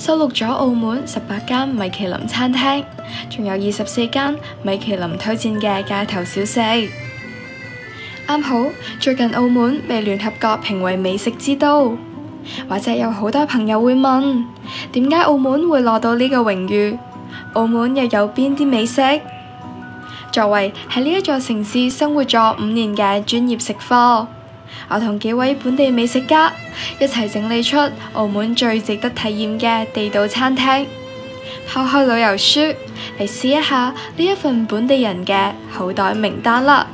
收錄咗澳門十八間米其林餐廳，仲有二十四間米其林推薦嘅街頭小食。啱好最近澳門被聯合國評為美食之都，或者有好多朋友會問，點解澳門會落到呢個榮譽？澳門又有邊啲美食？作為喺呢一座城市生活咗五年嘅專業食貨。我同幾位本地美食家一齊整理出澳門最值得體驗嘅地道餐廳，拋開旅遊書嚟試一下呢一份本地人嘅口袋名單啦！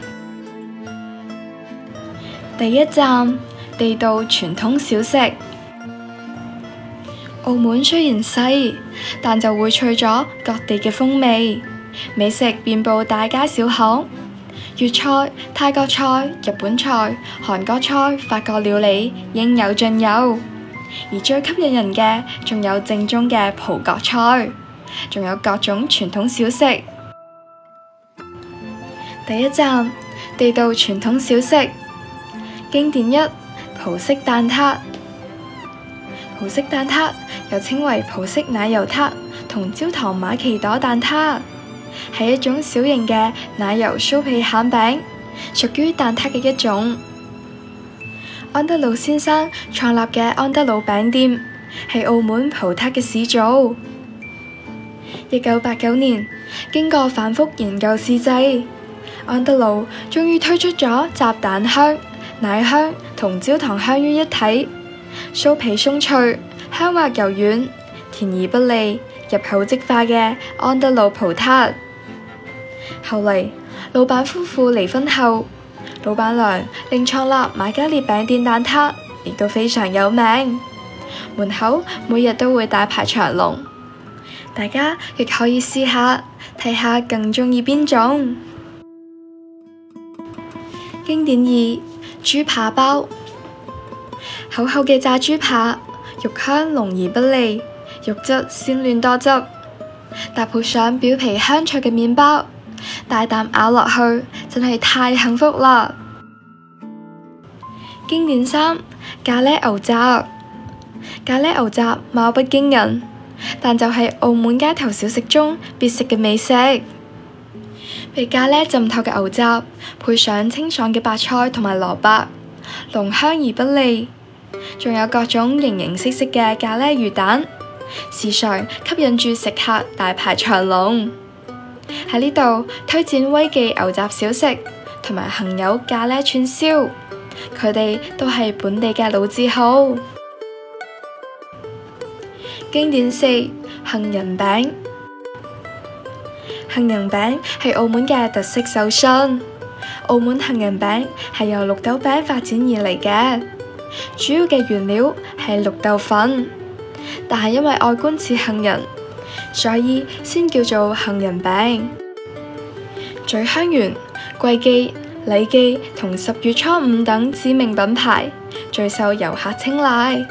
第一站，地道傳統小食。澳門雖然細，但就薈萃咗各地嘅風味，美食遍佈大街小巷。粵菜、泰國菜、日本菜、韓國菜、法國料理應有盡有，而最吸引人嘅，仲有正宗嘅葡國菜，仲有各種傳統小食。第一站，地道傳統小食，經典一：葡式蛋撻。葡式蛋撻又稱為葡式奶油撻，同焦糖馬奇朵蛋撻。係一種小型嘅奶油酥皮餡餅，屬於蛋塔嘅一種。安德魯先生創立嘅安德魯餅店係澳門葡塔嘅始祖。一九八九年，經過反覆研究試製，安德魯終於推出咗集蛋香、奶香同焦糖香於一體，酥皮鬆脆、香滑柔軟、甜而不膩、入口即化嘅安德魯葡塔。後來，老闆夫婦離婚後，老闆娘另創立瑪嘉烈餅店蛋撻，亦都非常有名。門口每日都會大排長龍，大家亦可以試下，睇下更鍾意邊種。 經典二，豬扒包，厚厚嘅炸豬扒，肉香濃而不膩，肉質鮮嫩多汁，搭配上表皮香脆嘅麵包。大啖咬落去，真係太幸福啦！經典三：咖喱牛雜，咖喱牛雜貌不驚人，但就係澳門街頭小食中必食嘅美食。被咖喱浸透嘅牛雜，配上清爽嘅白菜同埋蘿蔔，濃香而不膩，仲有各種形形色色嘅咖喱魚蛋，時常吸引住食客大排長龍。喺呢度推薦威記牛雜小食同埋恒友咖喱串燒，佢哋都係本地嘅老字號。經典四，杏仁餅，杏仁餅係澳門嘅特色手信。澳門杏仁餅係由綠豆餅發展而嚟嘅，主要嘅原料係綠豆粉，但係因為外觀似杏仁。所以先叫做杏仁餅。咀香園、鉅記、禮記同十月初五等知名品牌最受遊客青睞。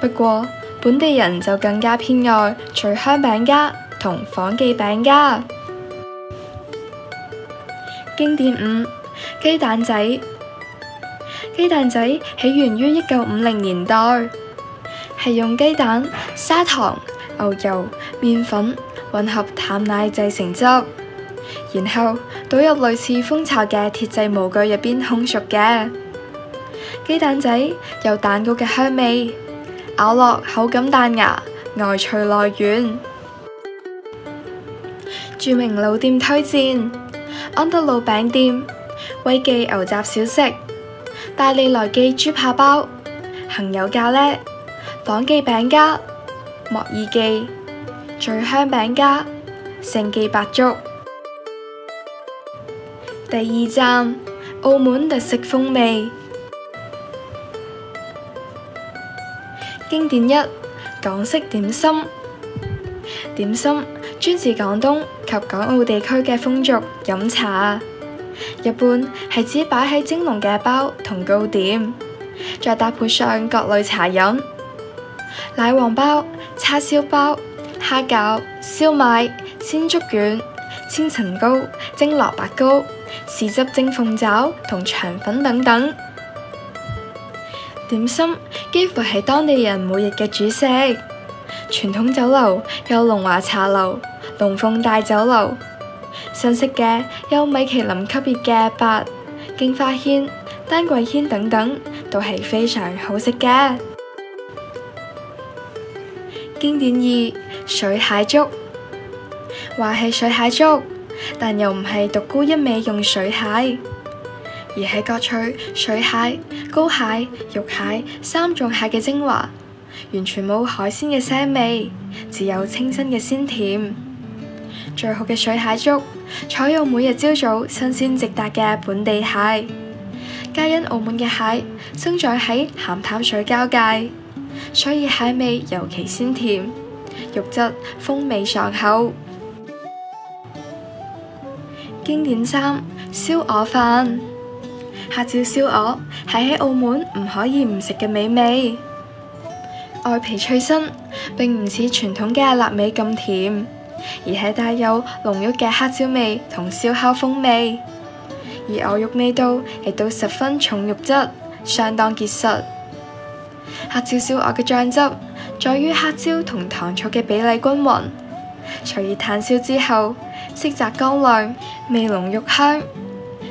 不過本地人就更加偏愛咀香餅家同晃記餅家。經典五，雞蛋仔，雞蛋仔起源於一九五零年代，係用雞蛋、砂糖。牛油、麵粉混合淡奶製成汁，然後倒入類似蜂巢嘅鐵製模具入邊烘熟嘅雞蛋仔，有蛋糕嘅香味，咬落口感彈牙，外脆內軟。著名老店推薦：安德魯餅店、威記牛雜小食、大利來記豬扒包、恒友咖喱、坊記餅家。莫爾記、醉香餅家、勝記白粥。第二站，澳門特色風味。經典一，港式點心。點心專指廣東及港澳地區嘅風俗飲茶啊，一般係指擺喺蒸籠嘅包同糕點，再搭配上各類茶飲。奶黃包、叉燒包、蝦餃、燒賣、鮮竹卷、千層糕、蒸蘿蔔糕、豉汁蒸鳳爪同腸粉等等，點心幾乎係當地人每日嘅主食。傳統酒樓有龍華茶樓、龍鳳大酒樓，新式嘅有米其林級別嘅八、京花軒、丹桂軒等等，都係非常好食嘅。經典二，水蟹粥，話係水蟹粥，但又唔係獨沽一味用水蟹，而係各取水蟹、膏蟹、肉蟹三種蟹嘅精華，完全冇海鮮嘅腥味，只有清新嘅鮮甜。最好嘅水蟹粥，採用每日朝早新鮮直達嘅本地蟹，皆因澳門嘅蟹生長喺鹹淡水交界。所以蟹味尤其鮮甜，肉質風味爽口。經典三，燒鵝飯，黑椒燒鵝係喺澳門唔可以唔食嘅美味，外皮脆身，並唔似傳統嘅臘味咁甜，而係帶有濃郁嘅黑椒味同燒烤風味，而鵝肉味道亦都十分重，肉質相當結實。黑椒燒鵝嘅醬汁，在於黑椒同糖醋嘅比例均匀，隨而炭燒之後，色澤光亮，味濃肉香。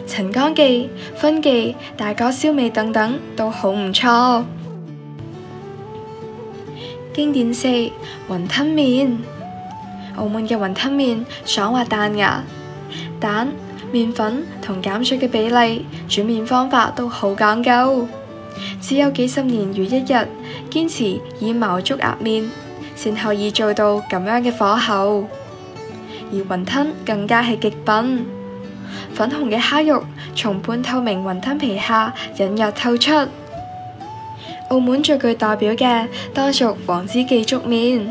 陳光記、分記、大哥燒味等等都好唔錯。 經典四，雲吞麵，澳門嘅雲吞麵爽滑彈牙，蛋、麵粉同鹼水嘅比例，煮麵方法都好講究。只有幾十年如一日堅持以毛竹壓麵，先可以做到咁樣嘅火候。而雲吞更加係極品，粉紅嘅蝦肉從半透明雲吞皮下隱隱透出。澳門最具代表嘅當屬黃枝記竹麵，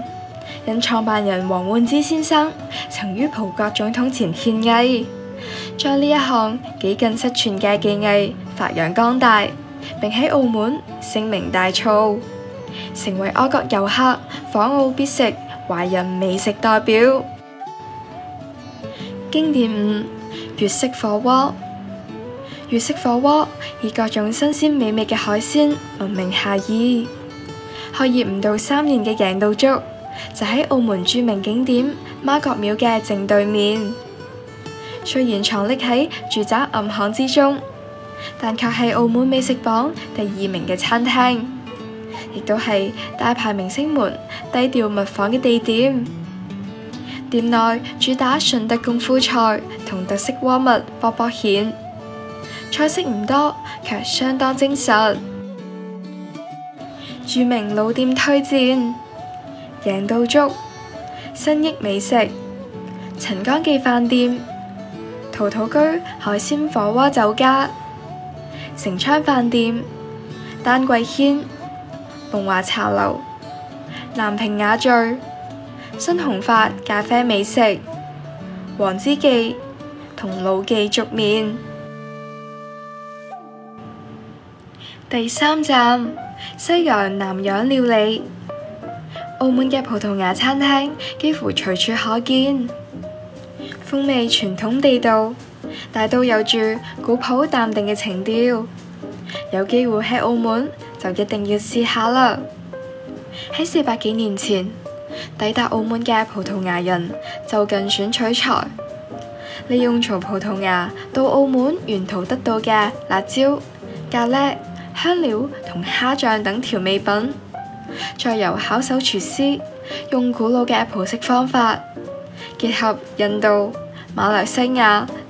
因創辦人黃煥枝先生曾於葡國總統前獻藝，將呢一項幾近失傳嘅技藝發揚光大。並喺澳門聲名大噪，成為外國遊客訪澳必食華人美食代表。經典五：粵式火鍋，粵式火鍋以各種新鮮美味嘅海鮮聞名遐邇。開業唔到三年嘅贏道粥，就喺澳門著名景點媽閣廟嘅正對面，雖然藏匿喺住宅暗巷之中。但卻係澳門美食榜第二名嘅餐廳，亦都係大牌明星們低調密訪嘅地點。店內主打順德功夫菜同特色鍋物薄薄，卜卜蜆，菜式唔多，卻相當精實。著名老店推薦：贏到粥、新益美食、陳江記飯店、陶陶居海鮮火鍋酒家。成昌飯店、丹桂軒、龍華茶樓、南屏雅敘、新鴻發咖啡美食、黃之記同老記粥麵。 第三站，西洋南洋料理。澳門嘅葡萄牙餐廳幾乎隨處可見，風味傳統地道。大都有住古樸淡定嘅情調，有機會喺澳門就一定要試下啦！喺四百幾年前，抵達澳門嘅葡萄牙人就近選取材，利用從葡萄牙到澳門沿途得到嘅辣椒、咖喱、香料同蝦醬等調味品，再由巧手廚師用古老嘅葡式方法，結合印度、馬來西亞，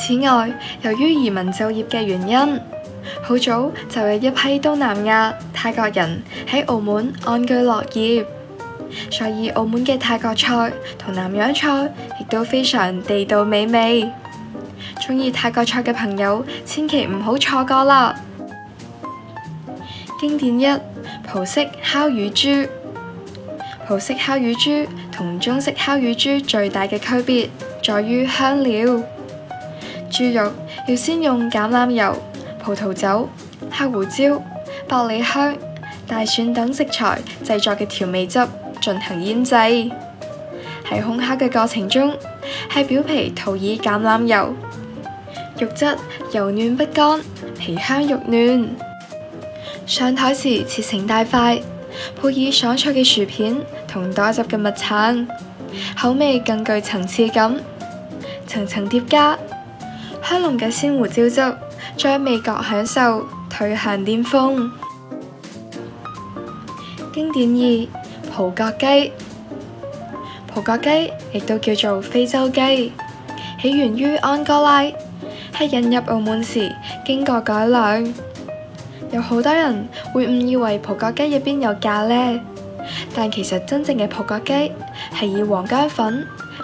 此外，由於移民就業嘅原因，好早就有一批東南亞泰國人喺澳門安居樂業，所以澳門嘅泰國菜同南洋菜亦都非常地道美味。鍾意泰國菜嘅朋友，千祈唔好錯過啦！經典一葡式烤乳豬，葡式烤乳豬同中式烤乳豬最大嘅區別，在於香料。豬肉要先用橄欖油、葡萄酒、黑胡椒、百里香、大蒜等食材製作嘅調味汁進行醃製。喺烘烤嘅過程中，喺表皮塗以橄欖油，肉質柔嫩不乾，皮香肉嫩。上台時切成大塊，配以爽脆嘅薯片同帶汁嘅蜜橙，口味更具層次感，層層疊加。香濃嘅鮮胡椒汁，將味覺享受推向巔峰。經典二：葡國雞。葡國雞亦都叫做非洲雞，起源於安哥拉，喺引入澳門時經過改良。有好多人會誤以為葡國雞入面有咖喱，但其實真正嘅葡國雞係以黃姜粉。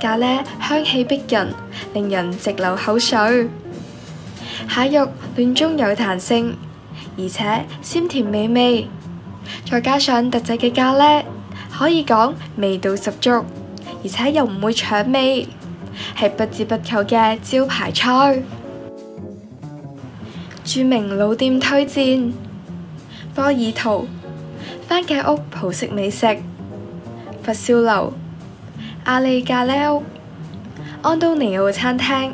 咖喱香氣逼人，令人直流口水。蟹肉嫩中有彈性，而且鮮甜美味，再加上特製嘅咖喱，可以講味道十足，而且又唔會搶味，係不折不扣嘅招牌菜。著名老店推薦：波爾圖、番茄屋葡式美食、佛燒樓。阿里咖喱屋、安東尼奧餐廳、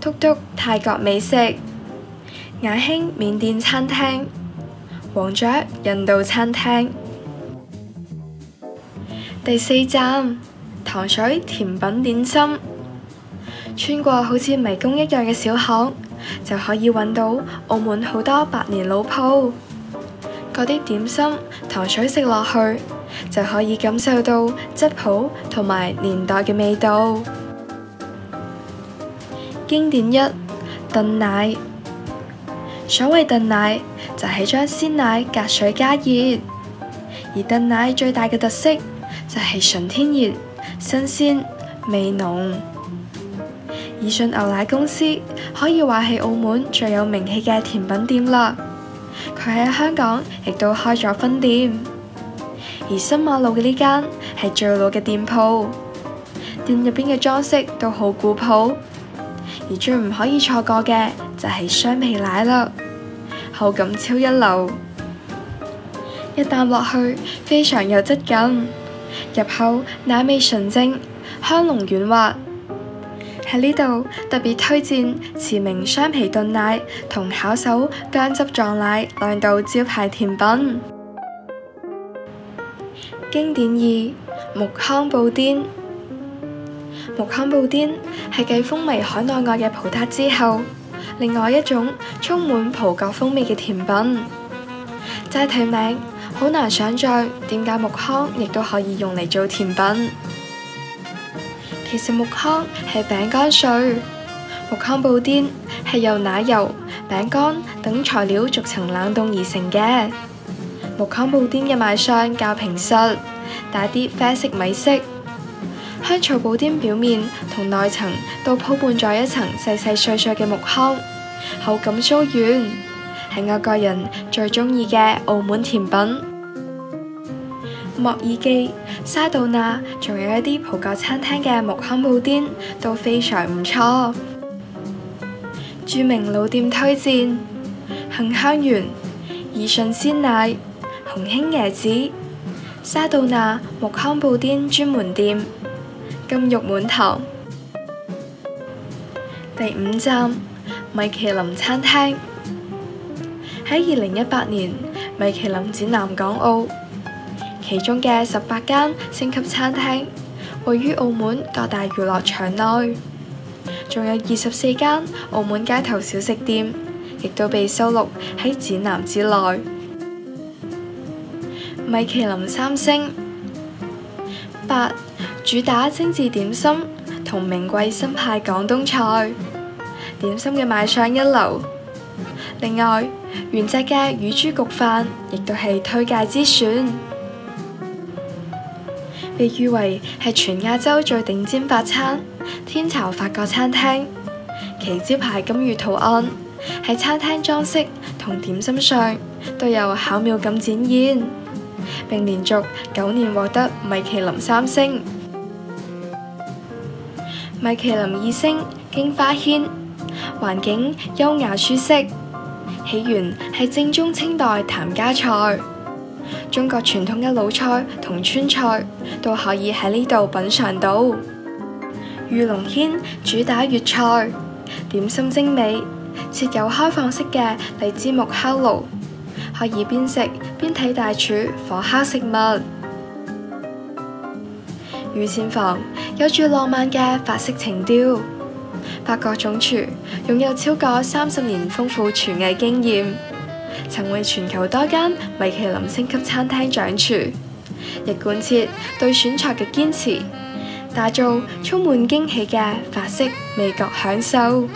禿禿泰國美食、雅興緬甸餐廳、皇雀印度餐廳。第四站，糖水甜品點心。穿過好似迷宮一樣嘅小巷，就可以揾到澳門好多百年老鋪。嗰啲點心、糖水食落去。就可以感受到質樸同埋年代嘅味道。經典一燉奶，所謂燉奶就係、是、將鮮奶隔水加熱，而燉奶最大嘅特色就係、是、純天然、新鮮、味濃。義順牛奶公司可以話係澳門最有名氣嘅甜品店啦，佢喺香港亦都開咗分店。而新馬路嘅呢間係最老嘅店鋪，店入邊嘅裝飾都好古樸，而最唔可以錯過嘅就係雙皮奶啦，口感超一流，一啖落去非常有質感，入口奶味純正，香濃軟滑。喺呢度特別推薦馳名雙皮燉奶同巧手薑汁撞奶兩道招牌甜品。經典二木糠布甸，木糠布甸係繼風靡海內外嘅葡撻之後，另外一種充滿葡國風味嘅甜品。齋睇名好難想象，點解木糠亦都可以用嚟做甜品？其實木糠係餅乾碎，木糠布甸係由奶油、餅乾等材料逐層冷凍而成嘅。木糠布甸嘅賣相較平實，帶啲啡色米色，香草布甸表面同內層都鋪滿咗一層細細碎碎嘅木糠，口感酥軟，係我個人最鍾意嘅澳門甜品。莫爾記、沙杜娜，仲有一啲葡國餐廳嘅木糠布甸都非常唔錯。著名老店推薦：杏香園、義順鮮奶。紅興椰子、沙杜娜、木糠布甸專門店、金玉滿堂。第五站，米其林餐廳，喺二零一八年米其林指南港澳，其中嘅十八間星級餐廳位於澳門各大娛樂場內，仲有二十四間澳門街頭小食店，亦都被收錄喺指南之內。米其林三星，八主打精致點心同名貴新派廣東菜，點心嘅賣相一流。另外，原隻嘅乳豬焗飯亦都係推介之選，被譽為係全亞洲最頂尖法餐——天巢法國餐廳。其招牌金魚圖案喺餐廳裝飾同點心上都有巧妙咁展現。並連續九年獲得米其林三星。米其林二星京花軒，環境優雅舒適，起源係正宗清代譚家菜，中國傳統嘅魯菜同川菜都可以喺呢度品嚐到。御龍軒主打粵菜，點心精美，設有開放式嘅荔枝木烤爐。可以邊食邊睇大廚火烤食物，御膳房有住浪漫嘅法式情調。法國總廚擁有超過三十年豐富廚藝經驗，曾為全球多間米其林星級餐廳掌廚。亦貫徹對選材嘅堅持，打造充滿驚喜嘅法式味覺享受。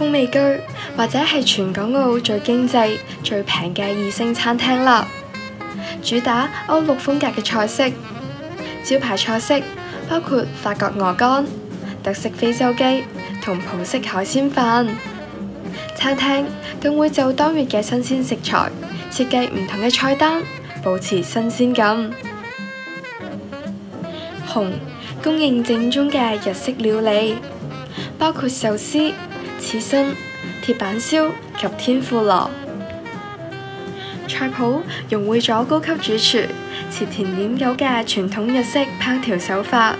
風味居或者係全港澳最經濟、最平嘅二星餐廳啦，主打歐陸風格嘅菜式，招牌菜式包括法國鵝肝、特色非洲雞同葡式海鮮飯。餐廳更會就當月嘅新鮮食材設計唔同嘅菜單，保持新鮮感。紅供應正宗嘅日式料理，包括壽司。刺身、鐵板燒及天婦羅，菜譜融匯咗高級主廚、食甜點有嘅傳統日式烹調手法，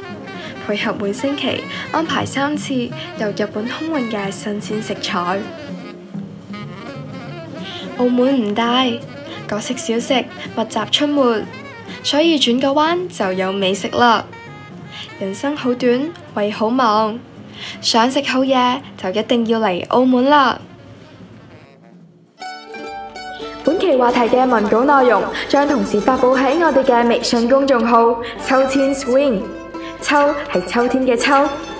配合每星期安排三次由日本空運嘅新鮮食材。澳門唔大，各式小食密集出沒，所以轉個彎就有美食啦。人生好短，胃好忙。想食好嘢就一定要嚟澳門啦！本期話題嘅文稿內容將同時發布喺我哋嘅微信公眾號“秋千 swing”，秋係秋天嘅秋，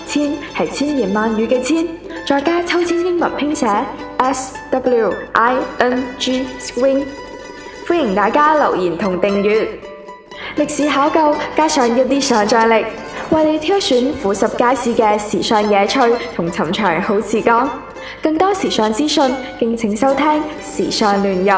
千係千言萬語嘅千。再加秋千英文拼寫 S W I N G swing，歡迎大家留言同訂閱。歷史考究加上一啲想象力。為你挑選富十街市嘅時尚野趣同尋常好時光，更多時尚資訊，敬請收聽《時尚聯入》。